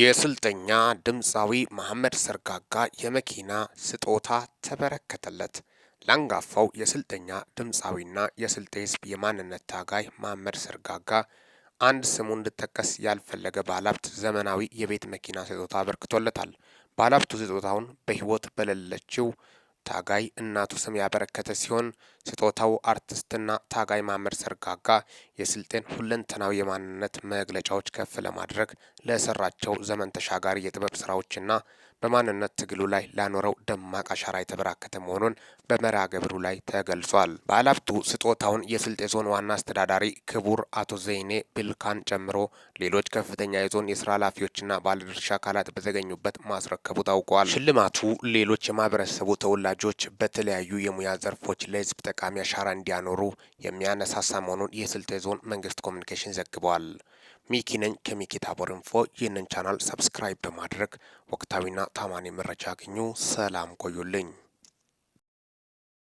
የስልጠኛ ድምፃዊ መሐመድ ሰርጋጋ የመኪና ስጦታ ተበረከተለት። ለአንጋፋው የስልጠኛ ድምፃዊና የስልጤ ህዝብ የማንነት ታጋይ መሐመድ ሰርጋጋ አንድ ስሙ እንዲጠቀስ ያልፈለገ ባለሀብት ዘመናዊ የቤት መኪና ስጦታ አበርክቶለታል። ባለሀብቱ ስጦታውን በህይወት በሌለችው ታጋይ እናቱ ስም ያበረከተ ሲሆን ስጦታው አርቲስትና ታጋይ ማምር ሰርጋጋ። የስልጤን ሁለንተናዊ የማንነት መግለጫዎች ከፍ ለማድረግ ለሰራቸው ዘመን ተሻጋሪ የጥበብ ስራዎችና በማንነት ትግሉ ላይ ላኖረው ደማቅ አሻራ የተበራከተ መሆኑን በመርሃ ግብሩ ላይ ተገልጿል። ባለሀብቱ ስጦታውን የስልጤ ዞን ዋና አስተዳዳሪ ክቡር አቶ ዘይኔ ብልካን ጨምሮ ሌሎች ከፍተኛ የዞን የስራ ኃላፊዎችና ባለድርሻ አካላት በተገኙበት ማስረከቡ ታውቋል። ሽልማቱ ሌሎች የማህበረሰቡ ተወላጆች በተለያዩ የሙያ ዘርፎች ለህዝብ ጠቃሚ አሻራ እንዲያኖሩ የሚያነሳሳ መሆኑን የስልጤ ዞን መንግስት ኮሚኒኬሽን ዘግበዋል። ሚኪ ነኝ ከሚኪ ታቦር ኢንፎ። ይህንን ቻናል ሰብስክራይብ በማድረግ ወቅታዊና ታማኒ መረጃ አግኙ። ሰላም ቆዩልኝ።